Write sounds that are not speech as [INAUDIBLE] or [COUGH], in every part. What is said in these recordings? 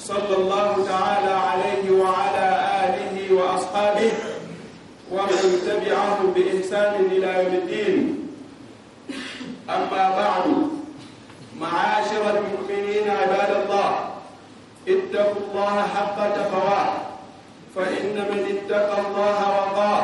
صلى الله تعالى عليه وعلى آله وأصحابه ومن تبعه بإحسان إلى يوم الدين أما بعد معاشر المؤمنين عباد الله اتقوا الله حق تقواه فإن من اتقى الله وقاه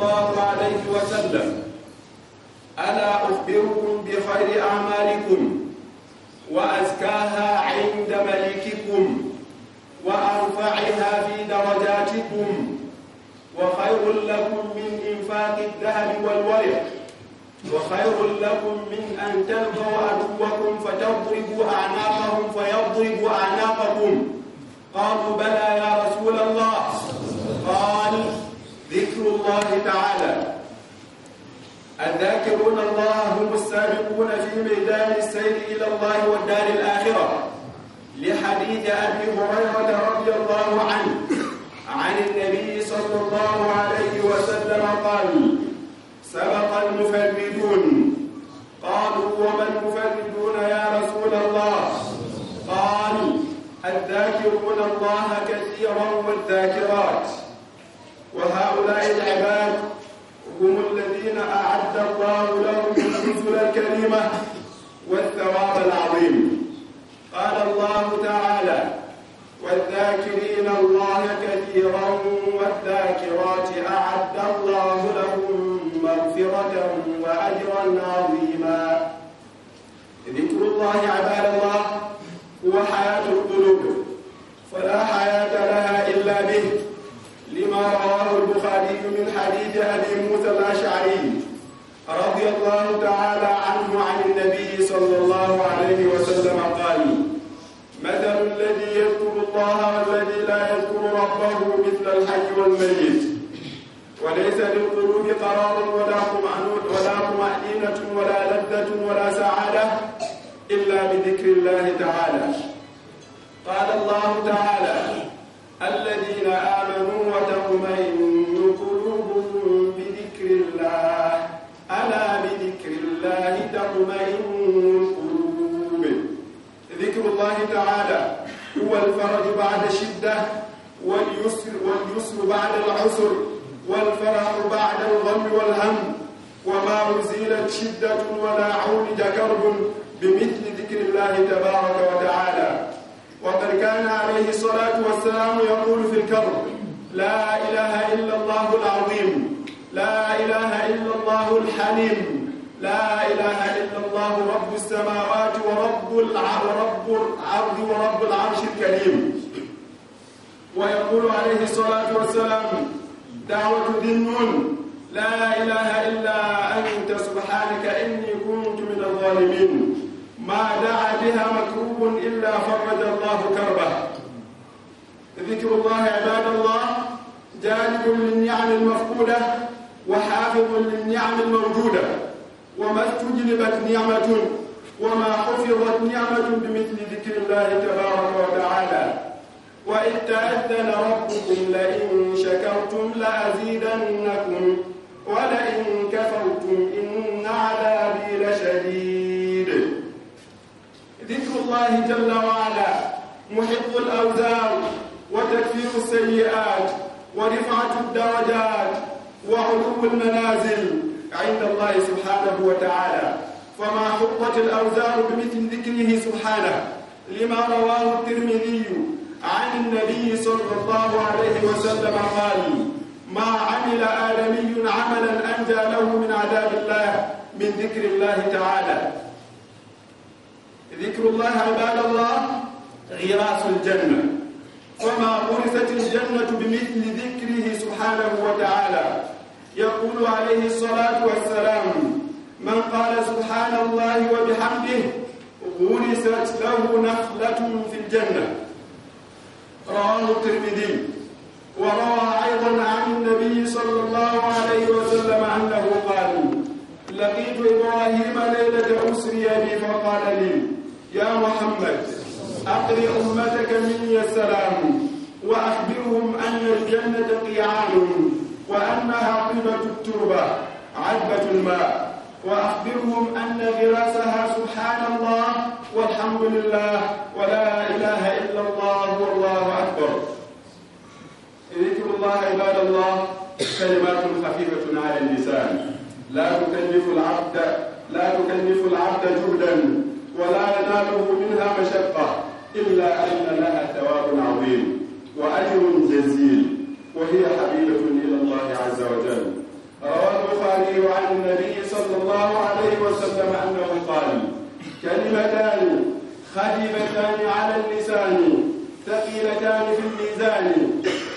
الله عليه وسلم ألا أخبركم بخير أعمالكم وأزكاها عند ملككم وأرفعها في درجاتكم وخير لكم من إنفاق الذهب والورق وخير لكم من أن تلقوا عدوكم فتضربوا أعناقهم فيضربوا أعناقكم قالوا بلى يا رسول الله ذكر الله تعالى الذاكرون الله هم السابقون في ميدان السير إلى الله والدار الآخرة لحديث أبي هريرة رضي الله عنه عن النبي صلى الله عليه وسلم قال سبق المفردون قالوا وما المفردون يا رسول الله قال الذاكرون الله كثيرا والذاكرات وهؤلاء العباد هم الذين أعد الله لهم الرسل الكريمة عليم لا إله إلا الله رب السماوات ورب ورب العرض ورب العرش الكريم ويقول عليه الصلاة والسلام دعوة ذي النون لا إله إلا أنت سبحانك إني كنت من الظالمين ما دعا بها مكروب إلا فرج الله كربه ذكر الله عباد الله جانب للنعم المفقودة وحافظ للنعم الموجودة وما استجلبت نعمة وما حفظت نعمة بمثل ذكر الله تبارك وتعالى وإذ تأذن ربكم لئن شكرتم لأزيدنكم ولئن كفرتم إن عذابي لشديد ذكر الله جل وعلا محق الأوزار وتكفير السيئات ورفعة الدرجات وعلو المنازل عند الله سبحانه وتعالى فما حطت الأوزار بمثل ذكره سبحانه لما رواه الترمذي عن النبي صلى الله عليه وسلم قال ما عمل آدمي عملا أنجى له من عذاب الله من ذكر الله تعالى ذكر الله عباد الله غراس الجنه وما ورثت الجنة بمثل ذكره سبحانه وتعالى يقول عليه الصلاة والسلام من قال سبحان الله وبحمده غرست له نخلة في الجنة رواه الترمذي وروى أيضا عن النبي صلى الله عليه وسلم أنه قال لقيت إبراهيم ليلة أسري بي فقال لي يا محمد أقري أمتك مني السلام وأخبرهم أن الجنة قيعان وأنها طيبة التربة عذبة الماء وأخبرهم أن غراسها سبحان الله والحمد لله ولا إله إلا الله والله أكبر ذكر الله عباد الله كلمات خفيفة على اللسان لا تكلف العبد لا تكلف العبد جهدا ولا يناله منها مشقة إلا أن لها ثواب عظيم وأجر جزيل وهي حبيبة إلى الله عز وجل روى البخاري عن النبي صلى الله عليه وسلم أنه قال كلمتان خفيفتان على اللسان ثقيلتان في الميزان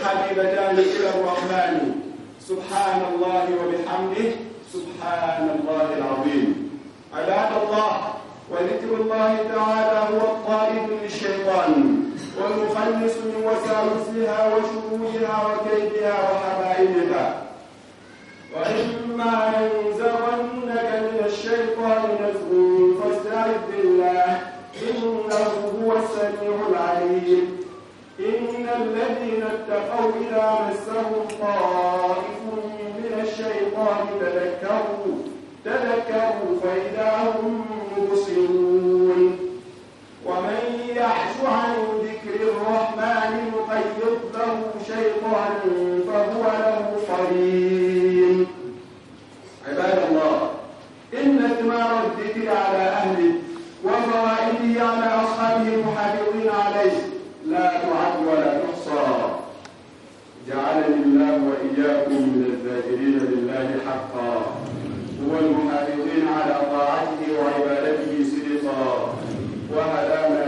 حبيبتان إلى الرحمن سبحان الله وبحمده سبحان الله العظيم عباد الله وذكر الله تعالى هو الطالب للشيطان والمخلص من وساوسها وشرورها وكيدها وحبائلها وإما ينزغنك من الشيطان نزغ فاستعذ بالله إنه هو السميع العليم إن الذين اتقوا إذا مسهم طائف من الشيطان تذكروا تذكروا جعلني الله واياكم من الذاكرين لله حقا والمحافظين على طاعته وعبادته صدقا وهدانا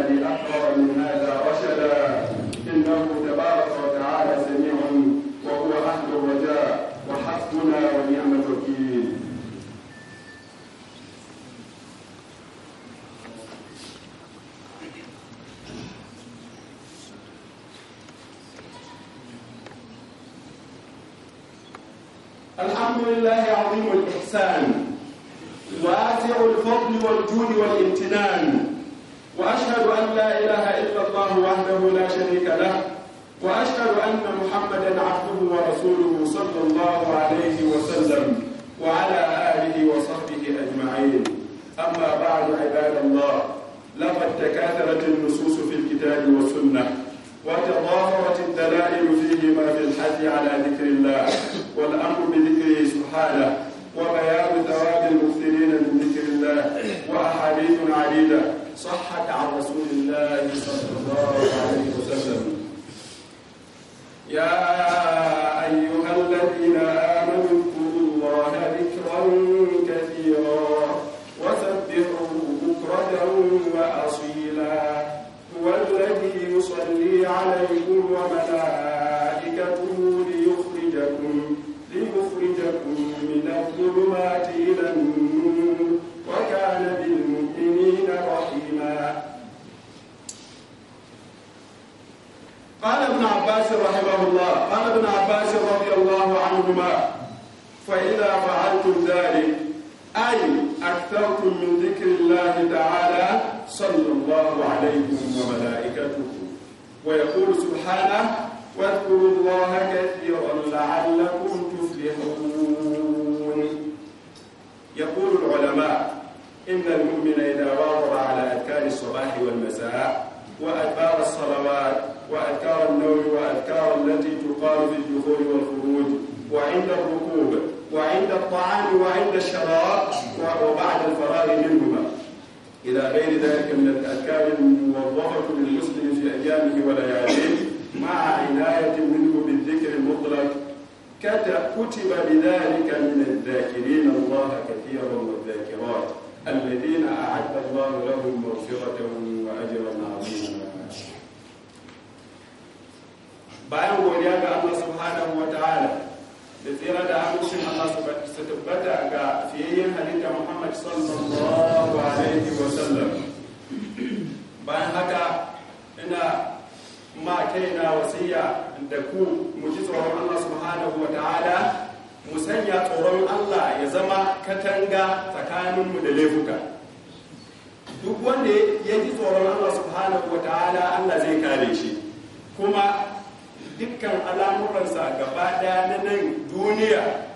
الحمد لله عظيم الإحسان واسع الفضل والجود والامتنان وأشهد أن لا إله إلا الله وحده لا شريك له وأشهد أن محمدا عبده ورسوله صلى الله عليه وسلم وعلى آله وصحبه أجمعين أما بعد عباد الله لقد تكاثرت النصوص في الكتاب والسنة وتضافرت الدلائل فيهما في الحث على ذكر الله والأمر بذكره سبحانه وبيان ثواب المكثرين من ذكر الله وأحاديث عديدة صحت عن رسول الله صلى الله عليه وسلم يا عليكم وملائكته ليخرجكم ليخرجكم من الظلمات إلى النور وكان بالمؤمنين رحيما قال ابن عباس رحمه الله قال ابن عباس رضي الله عنهما فإذا فعلتم ذلك أي أكثرتم من ذكر الله تعالى صلى الله عليه وملائكته ويقول سبحانه واذكروا الله كثيرا لعلكم تفلحون يقول العلماء إن المؤمن إذا واظب على أذكار الصباح والمساء وأدبار الصلوات وأذكار النوم وأذكار التي تقال في الدخول والخروج وعند الركوب وعند الطعام وعند الشراب وبعد الفراغ منهما إلى غير ذلك من الأذكار الموظفة للمسلم في أيامه ولياليه مع عناية منه بالذكر المطلق كتب بذلك من الذاكرين الله كثيرا والذاكرات الذين أعد الله لهم مغفرة وأجرا عظيما بعد أن الله سبحانه وتعالى da tsira da abincin Allah su tabbata ga fiyayyen halitta Muhammad sallallahu alaihi wa sallam bayan haka ina ma kaina wasiya da ku mu ji tsoron Allah subhanahu wa ta'ala mu sanya tsoron Allah ya zama katanga tsakanin mu da laifuka duk wanda ya ji tsoron Allah subhanahu wa ta'ala Allah zai kare shi kuma dukkan al'amuransa gaba daya na nan duniya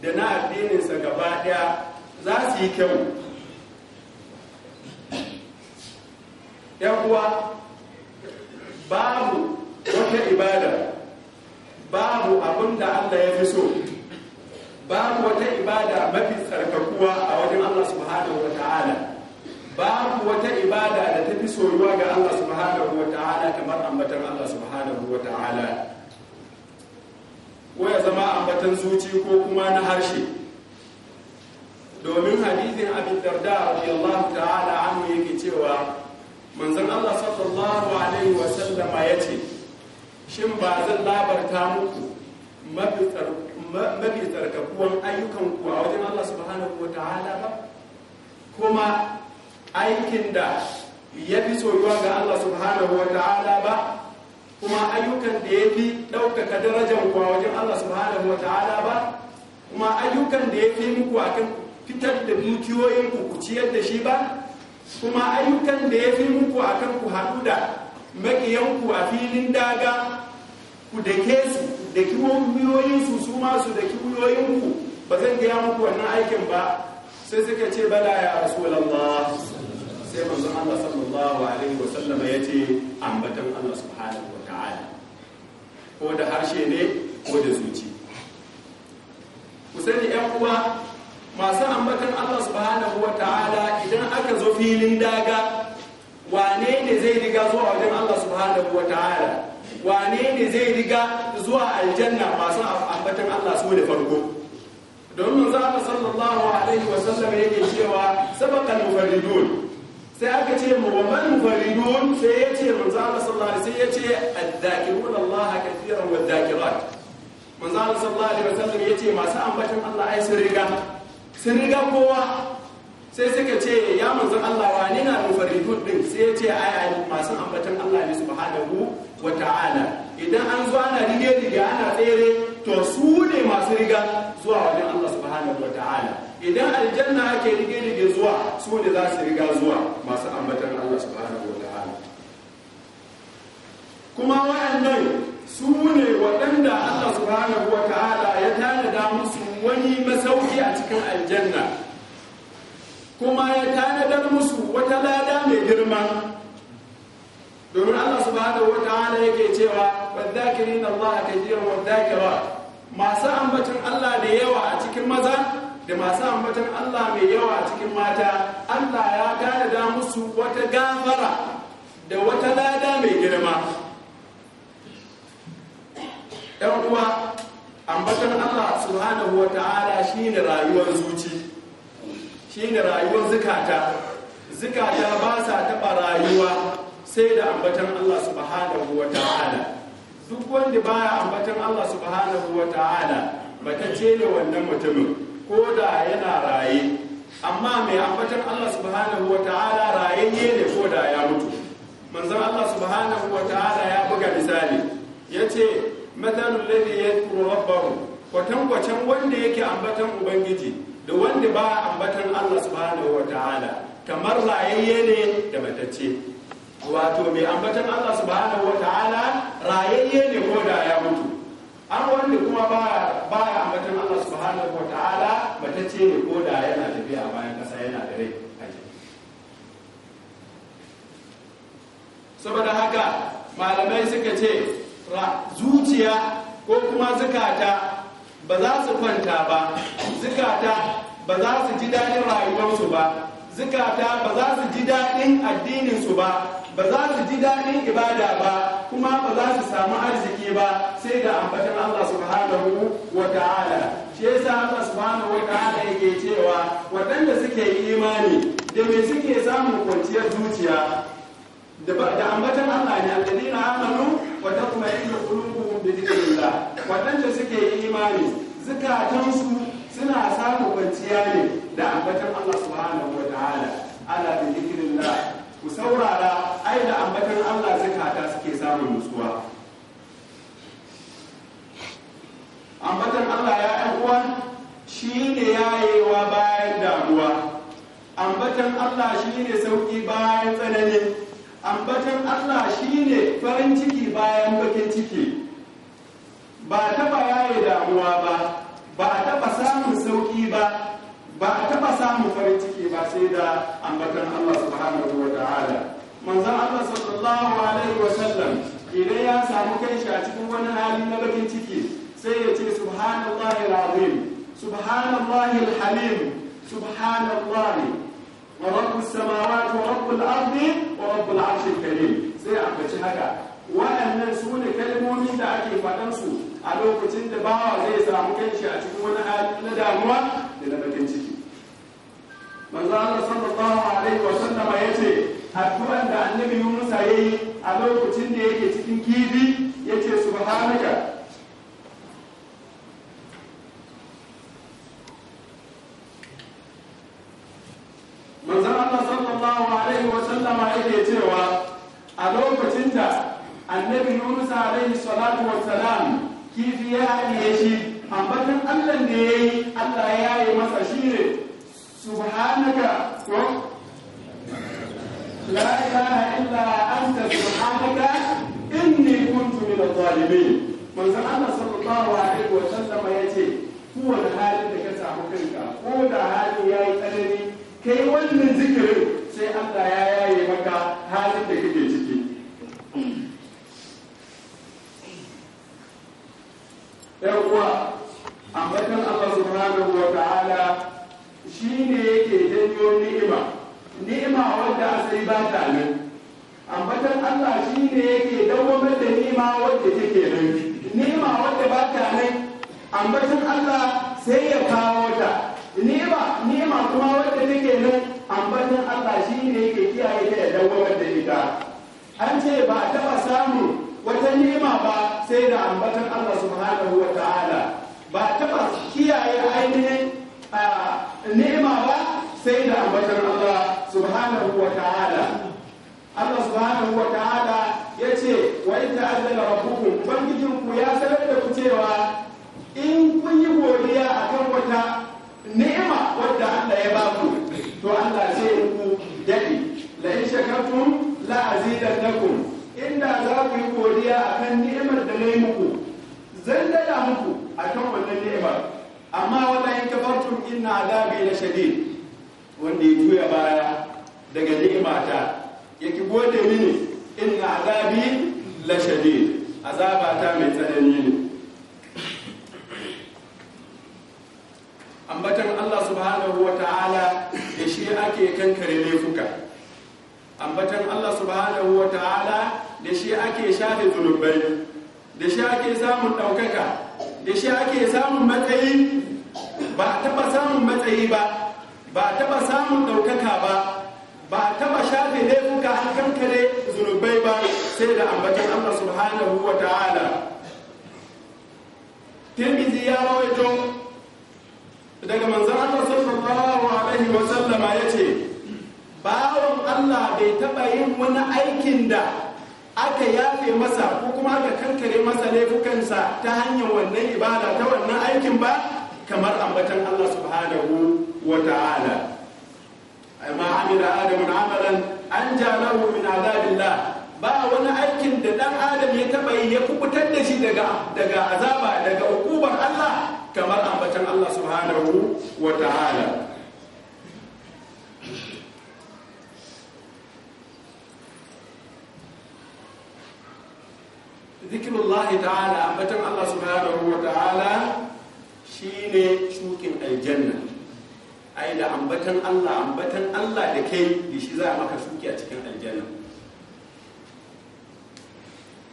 da na addininsa gaba daya za su yi kyau uwa babu wata ibada babu abin da allah ya fi so babu wata ibada wata ibada da ta fi soyuwa ga Allah subhanahu wa ta'ala kamar ambatan Allah subhanahu wa ta'ala ko ya zama ambatan zuci ko kuma na harshe domin hadithin abin darda radiyallahu ta'ala anhu yake cewa manzon Allah sallallahu alaihi wa sallama ya ce, shin ba zan labarta muku mafi tsarkakuwan ayyukan ku a wajen Allah subhanahu wa ta'ala ba kuma aikin da ya fi soyuwa ga Allah subhanahu wa ta'ala ba kuma ayyukan da ya fi ɗaukaka darajar kuwa wajen Allah subhanahu wa ta'ala ba kuma ayyukan da ya fi muku akan fitar da dukiyoyin ku ku ciyar da shi ba kuma ayyukan da ya fi muku akan ku haɗu da maƙiyanku a filin daga ku da ke su da kiwoyoyinsu su su masu da ku, ba zan gaya muku wannan aikin ba sai suka ce bala ya rasulallah sai manzo Allah sallallahu alaihi wa sallama yace ambatan Allah subhanahu wa ta'ala ko da harshe ne ko da zuci ku sani ƴan uwa masu ambatan Allah subhanahu wa ta'ala idan aka zo filin daga wane ne zai riga zuwa wajen Allah subhanahu wa ta'ala wane ne zai riga zuwa aljanna masu ambatan Allah su da farko domin manzo Allah sallallahu alaihi wa sallam yake cewa sabaqal mufarridun sai aka ce ma mu man faridun sai ya ce manzo Allah sallallahu alaihi sai ya ce azzakirun Allah kathiran wa zakirat manzo Allah sallallahu alaihi wasallam ya ce masu ambacin Allah ai sun riga sun riga kowa sai suka ce ya manzo Allah wane na mufaridun din sai ya ce ai ai masu ambacin Allah ne subhanahu wa ta'ala idan an zo ana rige rige ana tsere to su ne masu riga zuwa wajen Allah subhanahu ta'ala idan aljanna ake rige rige zuwa su ne za su riga zuwa masu ambatan Allah subhanahu ta'ala kuma wa'annan su ne waɗanda Allah subhanahu ta'ala ya tanada musu wani masauki a cikin aljanna kuma ya tanadar musu wata lada mai girma domin Allah subhanahu ta'ala yake cewa wadda kirin Allah kathiran wadda dhakira masu ambacin Allah da yawa a cikin maza da masu ambacin Allah mai yawa a cikin mata Allah ya da musu wata gafara da wata lada mai girma ɗan uwa ambatan Allah subhanahu wa ta'ala ne rayuwar zuci shi ne rayuwar zukata zukata ba sa taɓa rayuwa sai da ambatan Allah subhanahu wa ta'ala duk wanda baya ambatan Allah subhanahu wa ta'ala ba ce ne wannan mutumin ko da yana raye amma mai ambatan Allah subhanahu wa ta'ala raye ne ko da ya mutu manzon Allah subhanahu wa ta'ala ya buga misali Ya ce, yace lafi ya yadhkuru rabbahu kwatankwacen wanda yake ambatan ubangiji da wanda ba ambatan Allah subhanahu wa ta'ala kamar rayayye ne da matacce wato mai ambatan Allah subhanahu wa ta'ala rayayye ne ko da ya mutu an wanda kuma ba ya ambatan Allah subhanahu wa ta'ala matacce ne ko da yana tafiya bayan kasa yana da rai a saboda haka malamai suka ce zuciya ko kuma zukata ba za su kwanta ba zukata ba za su ji daɗin rayuwarsu ba zukata ba za su ji daɗin addininsu ba ba za su ji daɗin ibada ba kuma ba za su samu arziki ba sai da ambatan Allah subhanahu wa ta'ala shi yasa Allah subhanahu wa ta'ala yake cewa waɗanda suke yi imani da me suke samun kwanciyar zuciya da ambatan Allah ne alladina amanu wa tatma'innu qulubuhum bi dhikrillah waɗanda suke yi imani su suna samun kwanciya ne da ambatan Allah subhanahu wa ta'ala ala bi dhikrillah ku saura ai da ambatan Allah zakata suke samun nutsuwa ambatan Allah ya yi uwa shi ne yayewa bayan damuwa ambatan Allah shi ne sauƙi bayan tsanani ambatan Allah shi ne farin ciki bayan bakin ciki ba taɓa yaye damuwa ba ba a taɓa samun sauƙi ba ba a taɓa samun farin ciki ba sai da ambatan Allah subhanahu wa ta'ala manzon Allah sallallahu alaihi wa sallam idan ya samu kanshi a cikin wani hali na bakin ciki sai ya ce subhanallahi alazim subhanallahi alhalim subhanallahi wa rabbus samawati wa rabbul ardi wa rabbul arshil karim sai a faci haka waɗannan su ne kalmomi da ake faɗansu a lokacin da bawa zai samu kanshi a cikin wani hali na damuwa da na bakin ciki manzo Allah sallallahu alaihi wa sallam ya ce. addu'an da annabi Musa ya yi a lokacin da yake cikin kifi ya ce su Manzan Allah sallallahu alaihi wa sallama yake cewa a lokacin da annabi Musa alaihi salatu wa salam kifi ya haɗiye shi ambatan Allah da ya yi Allah ya yi masa shi ne subhanaka ko لا إله إلا أنت سبحانك إني كنت من الظالمين من الله صلى الله عليه وسلم يأتي هو الحال da ka samu kanka ko da hali ya yi tsanani kai wannan zikirin sai Allah ya yaye maka halin da kake ciki yan uwa ambatan Allah subhanahu shine yake janyo ni'ima ni'ima wanda sai ba ta nan ambatan Allah shi ne yake dawwamar da ni'ima wanda take nan ni'ima wanda ba ta nan ambatan Allah sai ya kawo ta ni'ima ni'ima kuma wanda take nan ambatan Allah shi ne yake kiyaye ta ya dawwamar da ita an ce ba a taba samu wata ni'ima ba sai da ambatan Allah subhanahu wa ta'ala ba taba kiyaye ainihin ah, ni'ima ba sai da ambatar Allah subhanahu wa ta'ala Allah subhanahu wa ta'ala ya ce wa in ta'azzala rabbukum bangijin ku ya sanar da ku cewa in kun yi godiya akan wata ni'ima wadda Allah ya ba ku to Allah ce ku dadi la in shakartum la azidannakum inda za ku yi godiya akan ni'imar da na muku zan dada muku akan wannan ni'imar amma wala in kafartum inna azabi la shadid wanda ya juya baya daga ni'imata ya ki gode mini inna azabi la shadid azabata mai tsanani ne ambatan Allah subhanahu wa ta'ala da shi ake kankare laifuka ambatan Allah subhanahu wa ta'ala da shi ake shafe zunubai da shi ake samun ɗaukaka da shi ake samun matsayi ba taɓa samun matsayi ba ba taba samun ɗaukaka ba ba a taba shafe laifuka a kankare zunubai ba sai da ambatan Allah subhanahu wa ta'ala Tirmidhi ya rawaito daga manzon Allah sallallahu alaihi wa sallama yace bawon Allah bai taba yin wani aikin da aka yafe masa ko kuma aka kankare masa laifukansa ta hanyar wannan ibada ta wannan aikin ba kamar ambatan Allah subhanahu wa ta'ala ma amila adamu amalan an jalahu min azabillah ba wani aikin da dan adam ya taba yi ya kubutar da shi daga daga azaba daga hukumar Allah kamar ambatan Allah subhanahu wa ta'ala ذكر الله تعالى أنبتن الله سبحانه وتعالى shi ne shukin aljanna ai da ambatan Allah ambatan Allah da kai da shi za a maka shuki a cikin aljanna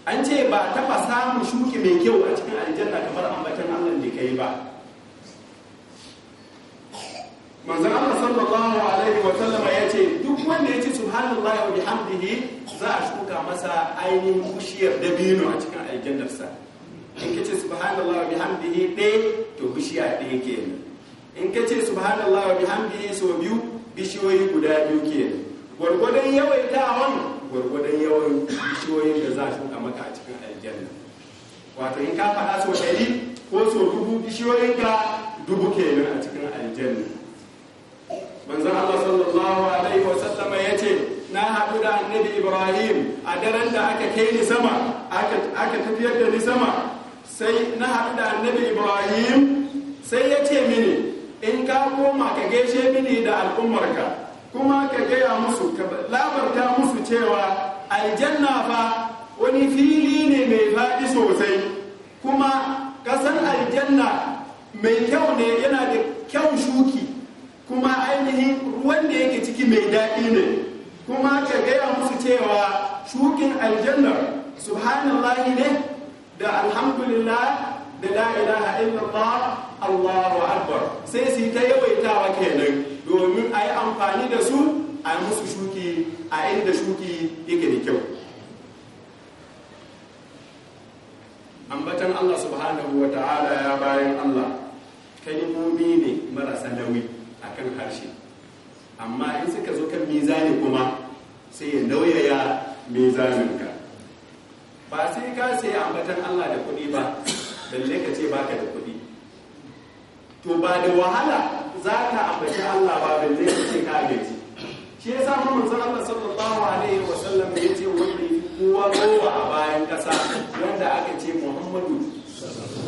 an ce ba taba samun shuki mai kyau a cikin aljanna kamar ambatan Allah da kai ba manzan Allah sallallahu alaihi wa ya ce, duk wanda ya yace subhanallahi wa bihamdihi za a shuka masa ainihin kushiyar dabino a cikin aljannarsa in kace subhanallahi wa bihamdihi ɗaya to bishiya ɗaya kenan in kace subhanallahi wa bihamdihi so biyu bishiyoyi guda biyu kenan gwargwadon yawaitawan gwargwadon yawan bishiyoyin da za su maka a cikin aljanna wato in ka faɗa so ɗari ko so dubu bishiyoyin ka dubu kenan a cikin aljanna manzon Allah sallallahu alaihi wa sallama yace na haɗu da annabi Ibrahim a daren da aka kai ni sama aka tafiyar da ni sama sai na haɗu da annabi ibrahim sai ya ce mini in ka koma ka gaishe mini da al'ummarka kuma ka gaya musu ka labarta musu cewa aljanna fa wani fili ne mai faɗi sosai kuma kasan aljanna mai kyau ne yana da kyau shuki kuma ainihin ruwan da yake ciki mai daɗi ne kuma ka gaya musu cewa shukin aljannar subhanallahi ne da alhamdulillah da la ilaha illallah Allahu akbar sai su yi ta yawaitawa kenan domin a yi amfani da su a yi musu shuki a inda shuki yake da kyau ambatan Allah subhanahu wa ta'ala ya bayan Allah kalimomi ne marasa nauyi kan harshe amma in suka zo kan mizani kuma sai ya nauyaya mizaninka ba sai ka sai matan Allah da kuɗi ba balle ka ce baka da kuɗi to ba da wahala za ka ambaci Allah ba balle ka ce ka gaji shi yasa mu san Allah sallallahu alaihi wa sallam ya ce wanda kowa rowa a bayan kasa wanda aka ce Muhammadu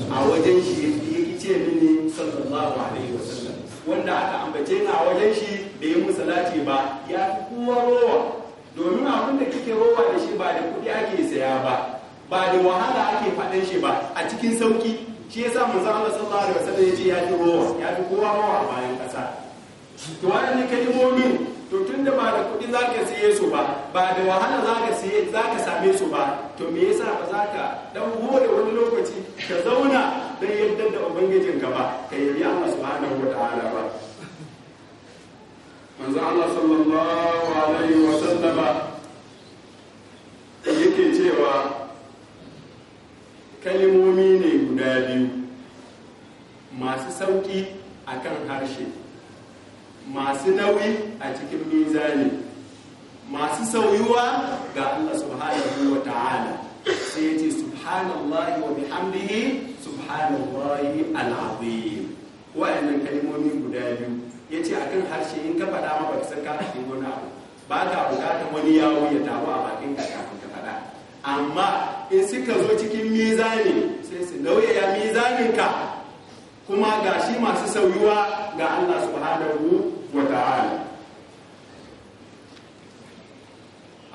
a wajen shi ya ce mini sallallahu alaihi wa sallam wanda aka ambace ni a wajen shi bai yi musalati ba ya fi kowa rowa domin abin da kike roba da shi ba da kuɗi ake saya ba ba da wahala ake faɗin shi ba a cikin sauki shi yasa manzo Allah sallallahu alaihi wasallam ya ce ya fi roba ya fi kowa mawa a bayan ƙasa to waɗannan momi to tunda ba da kuɗi ka siye su ba ba da wahala zaka siye zaka same su ba to me yasa ba za ka dan hore wani lokaci ka zauna dan yaddar da ubangijinka ba ka yi Allah subhanahu wa ta'ala ba manzo Allah sallallahu alaihi wa wasallama yake cewa kalimomi ne guda biyu masu sauƙi a kan harshe masu nauyi a cikin mizani masu sauyuwa ga Allah subhanahu wa ta'ala sai ya ce subhanallah wa bihamdihi subhanallahi al'azim wa'annan kalimomi guda biyu ya ce akan harshe in ka ma maka ka san wani abu ba ta bukatar wani yawo ya taru a bakin ka kafin ka faɗa amma in suka zo cikin mizani sai su lauyaya mizanin ka kuma ga shi masu sauyuwa ga Allah subhanahu wa ta'ala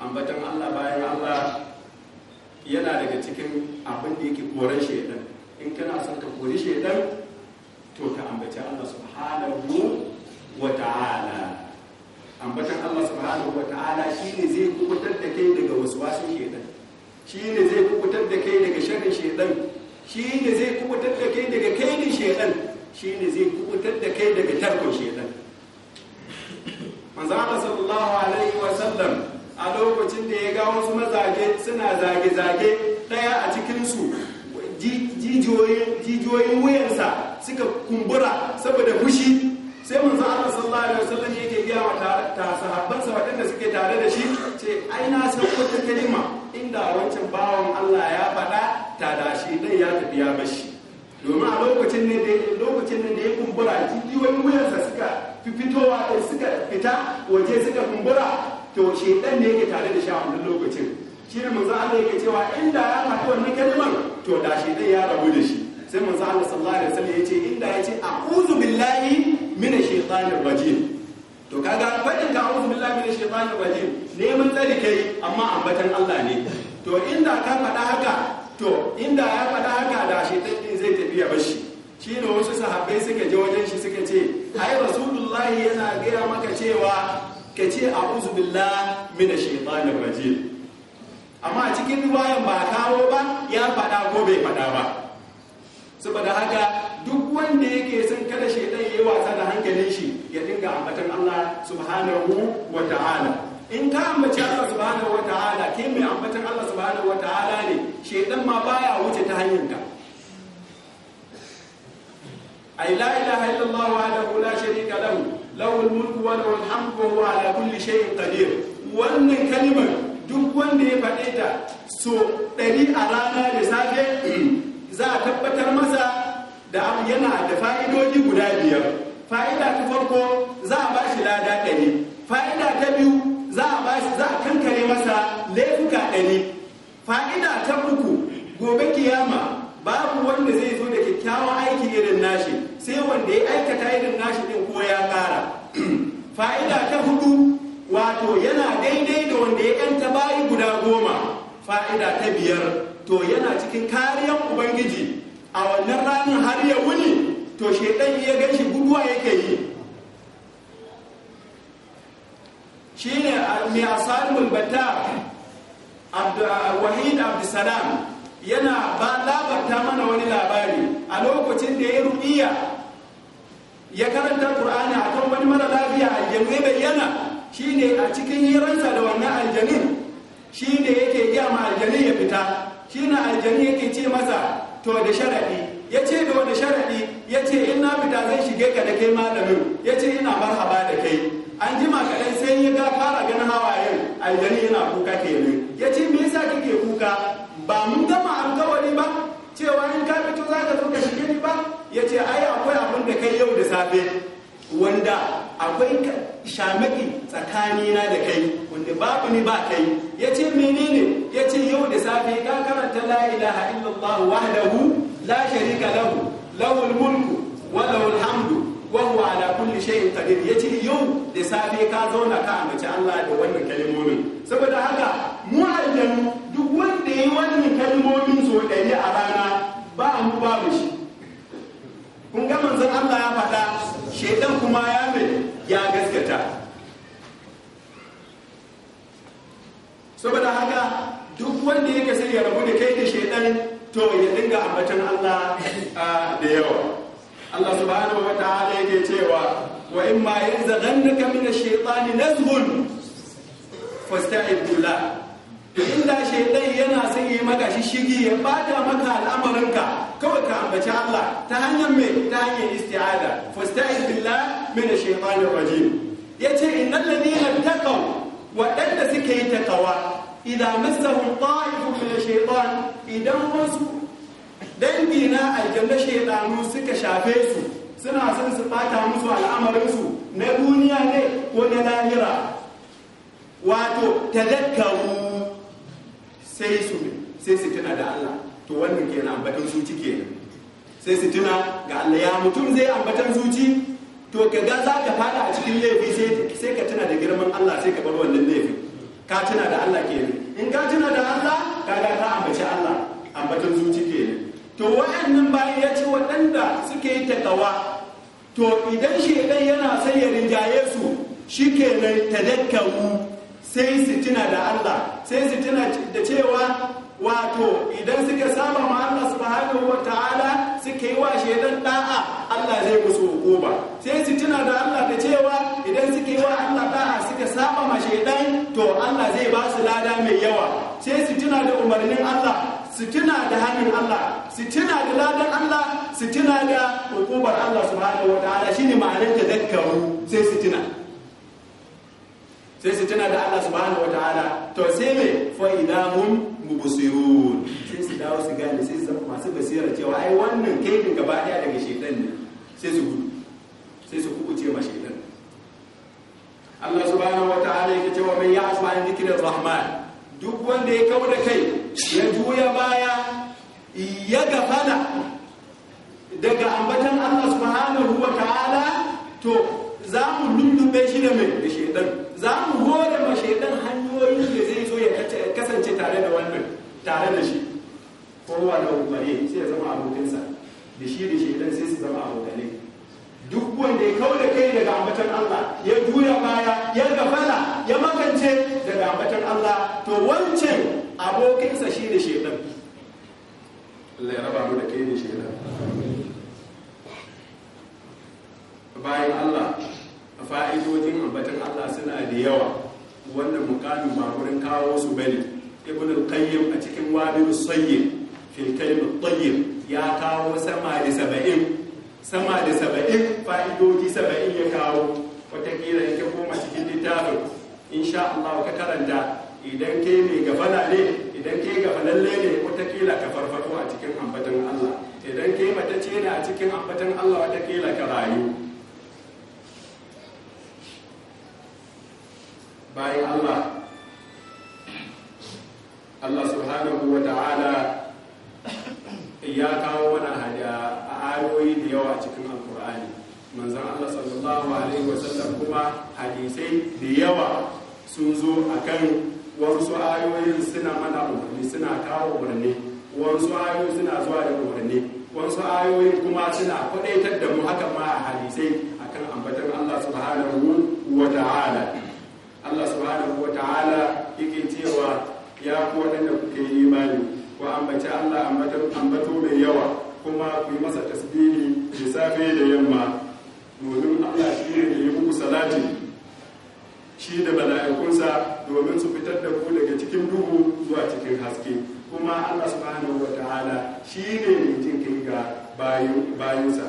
ambatan Allah bayan Allah yana daga cikin abin da yake koran shaidan in kana son ka kori shaidan to ka ambaci Allah subhanahu wa ta'ala ambatan Allah subhanahu Ta'ala shine zai kubutar da kai daga waswasin shedan shine zai kubutar da kai daga sharrin shedan shine zai kubutar da kai daga kainin shedan shine zai kubutar da kai daga tarkon shedan manzo sallallahu alaihi wa sallam a lokacin da ya ga wasu mazaje suna zage zage daya a cikin su jijiyoyin wuyansa suka kumbura saboda fushi sai manzo Allah sallallahu alaihi wasallam yake gaya wa sahabban sa wadanda suke tare da shi ce ai na san wata kalima inda wancan bawan Allah ya faɗa ta da shi dai ya tafi ya bashi domin a lokacin ne da lokacin ne da ya kumbura jijiyoyin wuyansa suka fitowa suka fita waje suka kumbura to shi ɗan ne yake tare da shi a wannan lokacin shi ne manzo Allah yake cewa inda ya faɗi wannan kalimar to da shi shedan ya rabu da shi sai manzo Allah sallallahu alaihi wasallam ya ce inda ya ce a'udhu billahi mina shaitanin waje to kaga fadin ka a'udhu billahi mina shaitanin waje neman tsari kai amma ambatan Allah ne to inda ka faɗa haka to inda ya faɗa haka da shaitan zai tafiya bashi shi ne wasu sahabbai suka je wajen shi suka ce ai rasulullahi yana gaya maka cewa ka ce a'udhu billahi mina shaitanin waje amma a cikin riwayan ba kawo ba ya faɗa ko bai faɗa ba saboda haka duk wanda yake son kada shaidan yi wasa da hankalin shi ya dinga ambatan Allah subhanahu wa ta'ala in ka ambaci Allah subhanahu wa ta'ala ke mai ambatan Allah subhanahu wa ta'ala ne shaidan ma baya wuce ta hanyar ka ai la ilaha illallah wa la sharika lahu lahul mulku wa lahul hamdu wa ala kulli shay'in qadir wannan kalimar duk wanda ya faɗe ta so ɗari a rana da safe [CLEARS THROAT] za a tabbatar masa da yana da fa'idodi guda biyar fa'ida ta farko za a ba shi lada ɗari fa'ida ta biyu za a bashi za a kankare masa laifuka ɗari fa'ida ta uku gobe kiyama babu wanda zai zo da kyakkyawan aiki irin nashi sai wanda ya aikata irin nashi ɗin ko ya ƙara [CLEARS THROAT] fa'ida ta hudu wato yana daidai da wanda ya yanta bayi guda goma fa'ida ta biyar to yana cikin kariyar ubangiji a wannan ranar har ya wuni to shaidan ya gan shi guduwa yake yi shi ne mai asalin bata wahid abdusalam yana ba labarta mana wani labari a lokacin da ya rubiya ya karanta qur'ani kan wani mara lafiya aljanu ya bayyana ne a cikin hiransa da wannan aljanin ne yake gaya ma aljanin ya fita Shi ne aljanin yake ce masa to da sharadi ya ce da wani sharadi ya ce in na fita zai shige ka da kai malamin ya ce ina marhaba da kai an jima kaɗan sai ya ga fara ganin a aljani yana kuka kenan ya ce me yasa kike kuka ba mun gama alkawari ba cewa in ka fito za ka zo ka shige ni ba ya ce ai akwai abin da kai yau da safe wanda akwai shamaki na da kai wanda babu ni ba kai ya ce menene ya ce yau da safe ka karanta la ilaha illallah wahdahu la sharika lahu lahul mulku wa lahul hamdu wa huwa ala kulli shay'in qadir ya ce yau da safe ka zauna ka amince Allah da wannan kalmomin saboda haka mu aljanu duk wanda yi wannan kalmomin so dari a rana ba mu babu shi kun ga manzon Allah ya faɗa shaidan kuma ya mai ya gaskata saboda haka duk wanda yake sai ya rabu da kai da shaidan to ya dinga ambatan Allah ah, da yawa Allah subhanahu wa ta'ala yake cewa wa in ma yanzaghannaka min ash-shaytani nazghun fasta'id billah inda dai yana son yi maka shishigi ya bada maka al'amarinka kawai ka ambaci Allah ta hanyar mai ta hanyar isti'ada fasta'iz billah min ash-shaytanir rajim yace innal ladina taqaw waɗanda suka yi takawa idan masahum ta'ifu min ash-shaytan idan wasu dangi na aljanna shaytanu suka shafe su suna son su bata musu al'amarinsu na duniya ne ko na lahira wato tadakkaru sai su sai su tuna da Allah to wannan kenan ambatan zuci kenan sai su tuna ga Allah ya mutum zai ambatan zuci to ka ga za ka fada a cikin laifi sai ka tuna da girman Allah sai ka bar wannan laifi ka tuna da Allah kenan in ka tuna da Allah ka ga ka ambaci Allah ambatan zuci kenan to wa'annan bayan ya ce waɗanda suke yi takawa to idan shedan yana son ya rinjaye su shikenan tadakkaru sai su tuna da Allah sai su tuna da cewa wato idan suka saba ma Allah subhanahu wa ta'ala suka yi wa shaidan da'a Allah zai musu hukuma sai su tuna da Allah da cewa idan suka yi wa Allah da'a suka saba ma shaidan to Allah zai ba su lada mai yawa sai su tuna da umarnin Allah su tuna da hannun Allah su tuna da ladan Allah su tuna da hukumar Allah subhanahu wa ta'ala shine ma'anar da dakkaru sai su tuna sai su tana da Allah subhanahu ta'ala to sai me fa idahum mubsirun sai su dawo su gane sai su zama masu basira cewa ai wannan kaidin gaba daya daga shaitan ne sai su gudu sai su kubuce ma shaitan Allah subhanahu ta'ala yake cewa man ya'shu an dhikrir rahman duk wanda ya kawo da kai ya juya baya ya gafala daga ambatan Allah subhanahu ta'ala to za mu lullube shi da mai da shaidan za mu hore ma shaidan hanyoyin da zai zo ya kasance tare da wannan tare da shi kowa da umare sai ya zama abokinsa da shi da shaidan sai su zama abokane duk wanda ya kau da kai daga ambatan Allah ya juya baya ya gafala ya makance daga ambatan Allah to wancan abokinsa shi da shaidan Allah ya raba mu da kai da shaidan kalimu tsayyib fil kalimu tsayyib ya kawo sama da saba'in sama da saba'in fa'idoji saba'in ya kawo watakila in ka koma cikin littafin insha Allah ka karanta idan kai mai gafala ne idan kai ke lalle ne watakila ka farfato a cikin ambatan Allah idan kai ke matacce ne a cikin ambatan Allah watakila ka rayu bayan Allah Allah subhanahu wa ta'ala ya kawo mana hada ayoyi da yawa cikin alkur'ani manzan Allah sallallahu alaihi wa sallam kuma hadisai da yawa sun zo a kan wasu ayoyin suna mana umarni suna kawo umarni wasu ayoyi suna zuwa da umarni wasu ayoyi kuma suna kwadaitar da mu haka ma a hadisai akan ambatan Allah subhanahu wa ta'ala Allah subhanahu wa ta'ala yake cewa ya ku waɗanda kuke yi imani ku ambaci Allah ambato mai yawa kuma ku yi masa tasbihi da safe da yamma domin Allah shi ne yi muku salati shi da mala'ikunsa domin su fitar da ku daga cikin duhu zuwa cikin haske kuma Allah subhanahu wa ta'ala shi ne mai jin kai ga bayinsa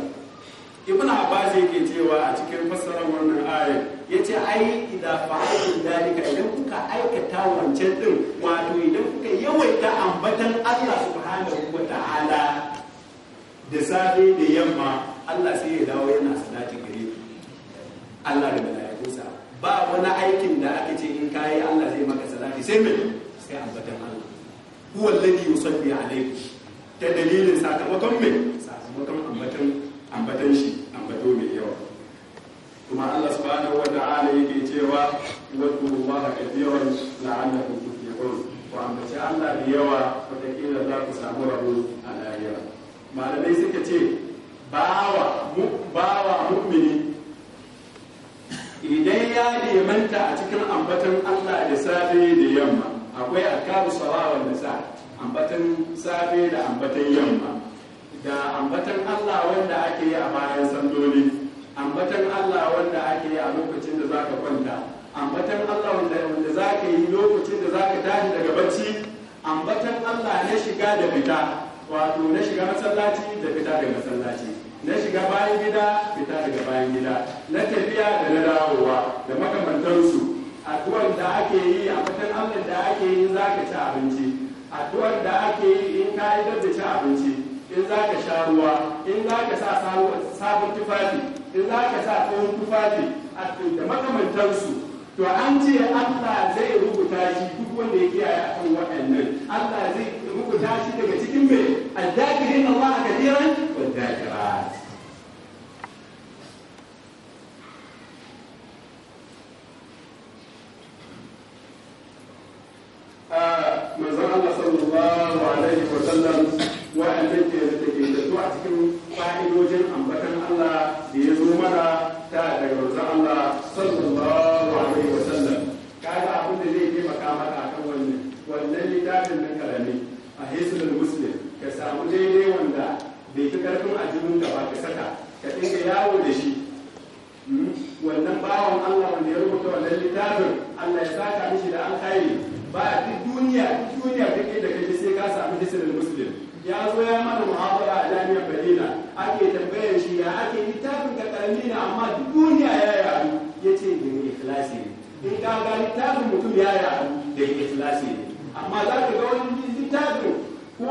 ibn abbas yake cewa a cikin fassarar wannan ayat yace ai idan fa'alu dalika idan kuka aikata wancan din wato idan kuka yawaita ambatan Allah subhanahu wa ta'ala da safe da yamma Allah sai ya dawo yana salati gare ku Allah da mala'ikunsa ba wani aikin da aka ce in kai Allah zai maka salati sai me sai ambatan Allah huwa alladhi yusalli alayki ta dalilin sakamakon me sakamakon ambatan ambatan shi ambato mai yawa kuma Allah subhanahu wa ta'ala yake cewa واذكروا الله كثيرا لعلكم تفلحون وأنبت الله بيوا وتكيل ذاك سامره على يرى ما لدي سكتي باوا باوا مؤمني idan ya nemanta a cikin ambatan Allah da safe da yamma akwai akabu salawar da sa ambatan safe da ambatan yamma da ambatan Allah wanda ake yi a bayan sandoli ambatan Allah wanda ake yi a lokacin da za ka kwanta ambatan Allah wanda za ka yi lokacin da za ka tashi daga bacci ambatan Allah na shiga da fita wato na shiga masallaci da fita daga masallaci na shiga bayan gida fita daga bayan gida na tafiya da na dawowa da makamantansu addu'ar da ake yi ambatan Allah da ake yi za ka ci abinci addu'ar da ake yi in ka yi da ci abinci in za ka sha ruwa in za ka sa sabon tufafi in za ka sa tsohon tufafi da makamantarsu to an ce Allah zai rubuta shi duk wanda ya kiyaye akan waɗannan Allah zai rubuta shi daga cikin mai addakirin Allah kadiran wa dakirat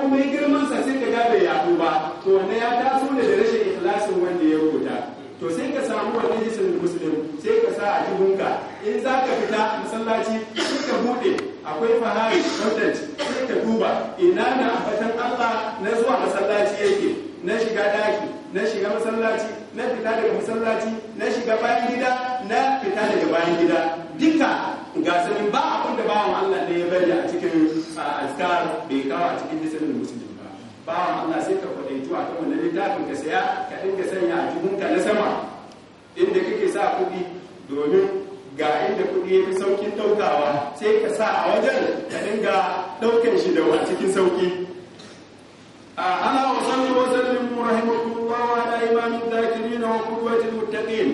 kuma yi girman sa sai ka gabe ya yaɗu ba to wanda ya taso ne da rashin ikhlasin wanda ya rubuta to sai ka samu wannan jisin muslim sai ka sa a ka in za ka fita masallaci sai ka buɗe akwai fahari content sai ka duba ina na ambatan Allah na zuwa masallaci yake na shiga daki na shiga masallaci na fita daga masallaci na shiga bayan gida na fita daga bayan gida duka ga sanin ba abin da bawan Allah ne ya bari a cikin azkar bai kawo a cikin lisanin musulmi ba bawan Allah sai ka tuwa ta wanda ne littafin ka saya ka dinga sanya a jihunka na sama inda kake sa kuɗi domin ga inda kuɗi ya fi saukin ɗaukawa sai ka sa a wajen ka dinga ɗaukan shi da wa cikin sauki أنا أصلي وسلم wa الله على إمام الذاكرين وقدوة المتقين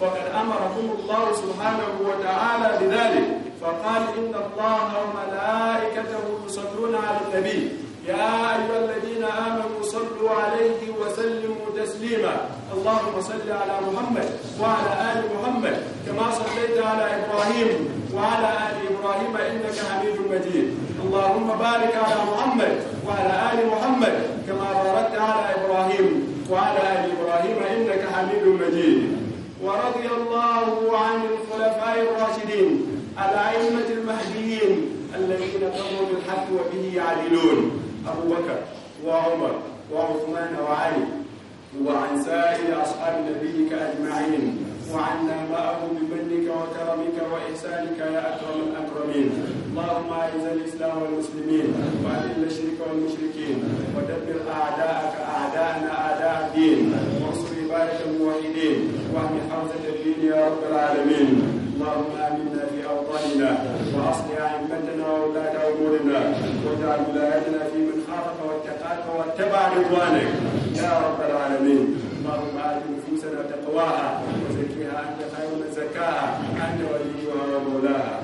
فقد أمركم الله سبحانه وتعالى بذلك فقال إن الله وملائكته يصلون على النبي يا أيها الذين آمنوا صلوا عليه وسلموا تسليما اللهم صل على محمد وعلى آل محمد كما صليت على إبراهيم وعلى آل إبراهيم إنك حميد مجيد اللهم بارك على محمد وعلى آل محمد كما باركت على إبراهيم وعلى آل إبراهيم إنك حميد مجيد ورضي الله عن الخلفاء الراشدين الأئمة المهديين الذين قاموا بالحق وبه يعدلون أبو بكر وعمر وعثمان وعلي وعن سائر أصحاب نبيك أجمعين وعنا معه بمنك وكرمك وإحسانك يا أكرم الأكرمين اللهم أعز الإسلام والمسلمين وأذل الشرك والمشركين ودبر أعداءك أعداءنا أعداء الدين وانصر عبادك الموحدين واهل حوزة الدين يا رب العالمين اللهم آمنا في أوطاننا وأصل أئمتنا وولاة أمورنا واجعل ولايتنا في من خافك واتقاك واتبع رضوانك يا رب العالمين اللهم آت نفوسنا تقواها وزكيها أنت خير من زكاها أنت وليها ومولاها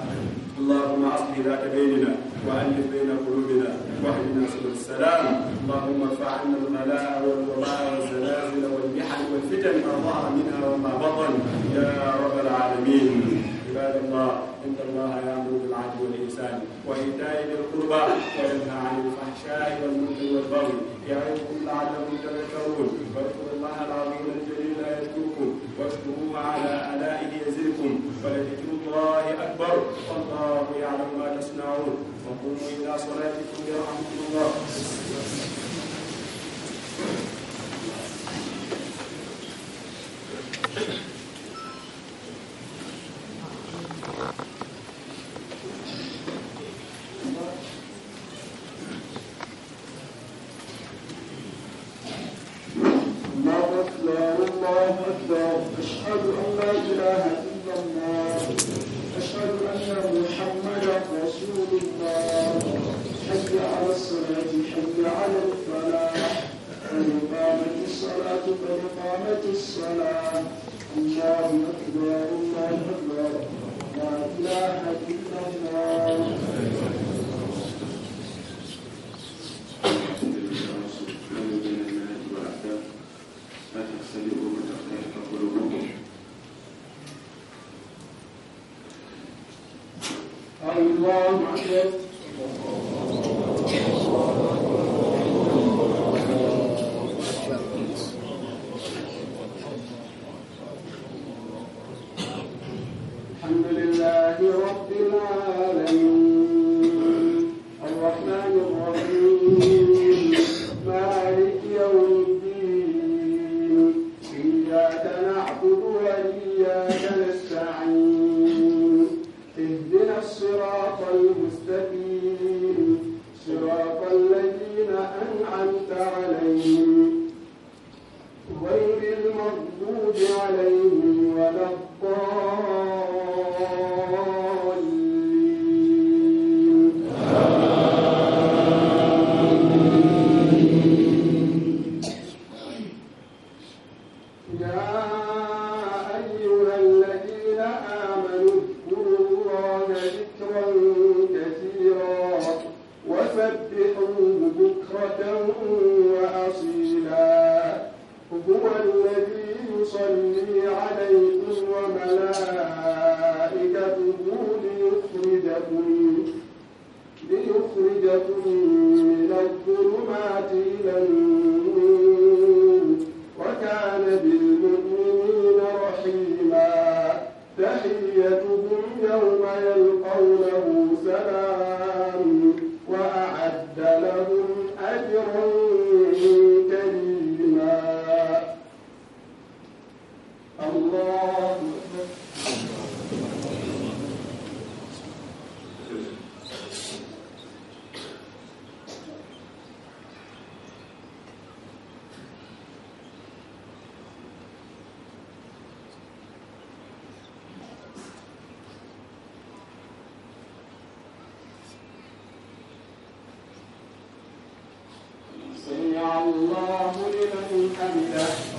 اللهم أصلح ذات بيننا وألف بين قلوبنا واهدنا سبل السلام اللهم ارفع عنا البلاء والوباء والزلازل والمحن والفتن ما ظهر منها وما بطن يا رب العالمين عباد الله إن الله يأمر بالعدل والإحسان وإيتاء ذي القربى وينهى عن الفحشاء والمنكر والبغي يعظكم لعلكم تذكرون واذكروا الله العظيم الجليل لا يذكركم واشكروه على آلائه يزدكم ولذكر الله أكبر والله يعلم ما تصنعون وقوموا إلى صلاتكم برحمه الله الله لمن حمده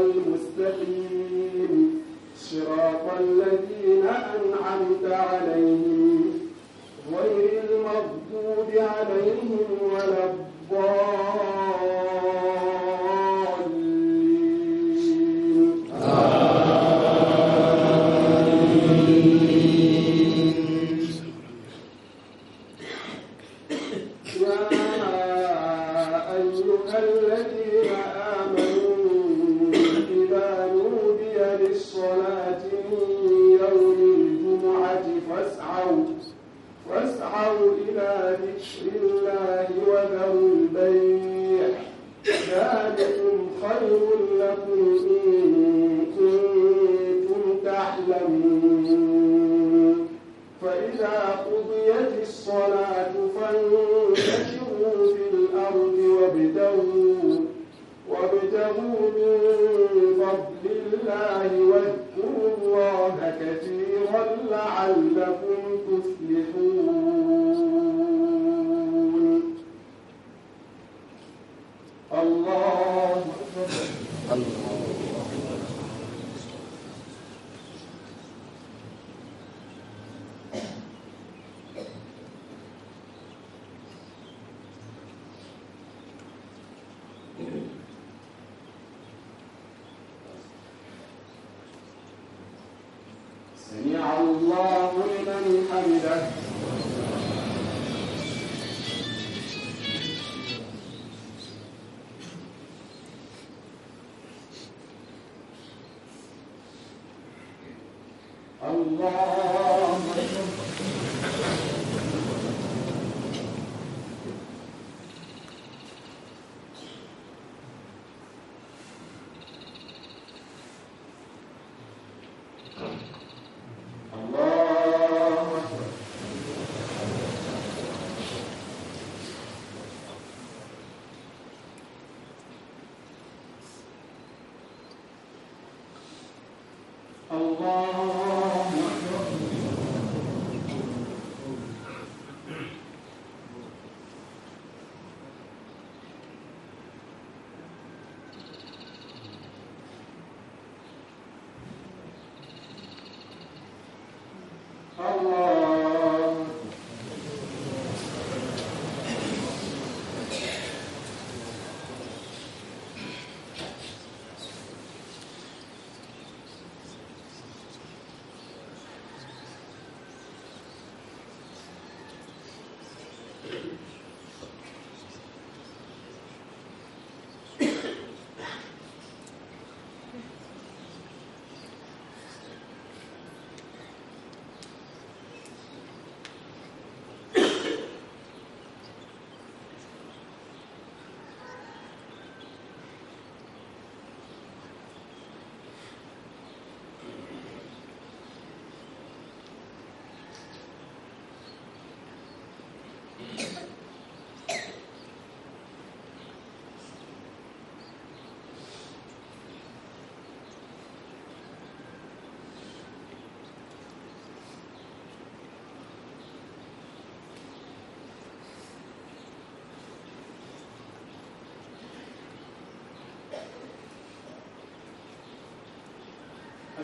المستقيم صراط الذين أنعمت عليهم سمع الله لمن حمده